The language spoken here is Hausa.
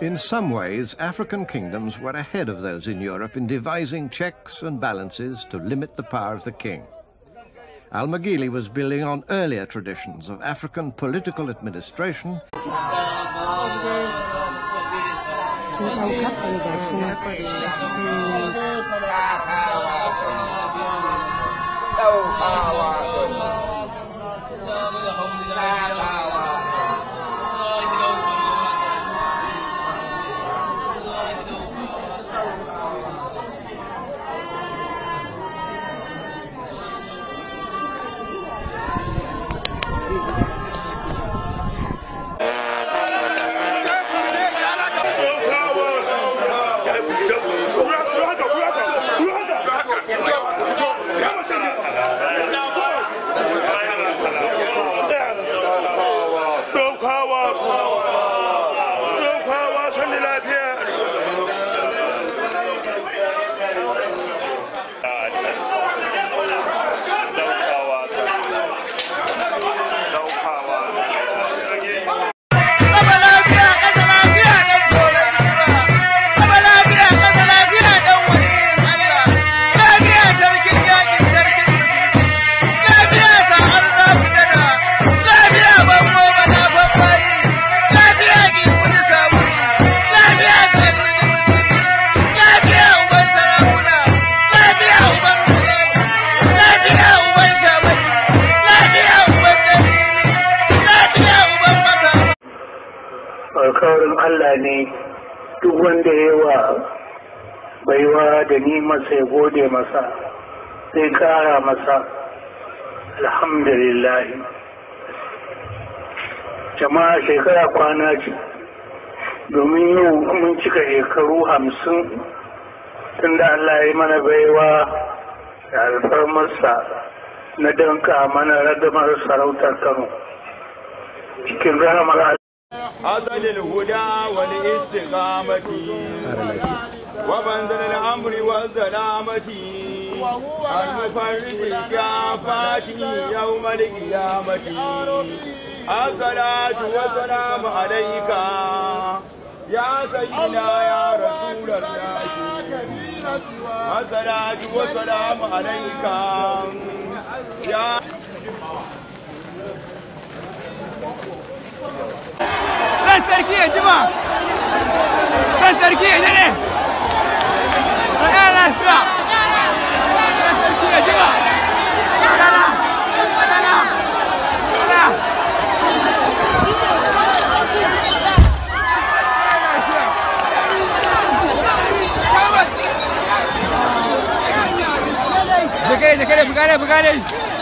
In some ways, African kingdoms were ahead of those in Europe in devising checks and balances to limit the power of the king. Al-Maghili was building on earlier traditions of African political administration. alkawarin Allah ne duk wanda ya wa baiwa da masa ya gode masa sai kara masa alhamdulillah jama'a shekara kwana ce domin yau mun cika shekaru hamsin tunda Allah ya mana baiwa da alfarmarsa na danka mana radamar sarautar Kano cikin rahama أضل الهدى والاستقامة وبنزل الأمر والسلامة المفرد الشافات يوم القيامة الصلاة والسلام عليك يا سيدنا يا رسول الله الصلاة والسلام عليك يا Sergiye Cima. Sen Sergiye nereye? Sen Esra. Sen Sergiye Cima. Peguei, peguei, peguei, peguei.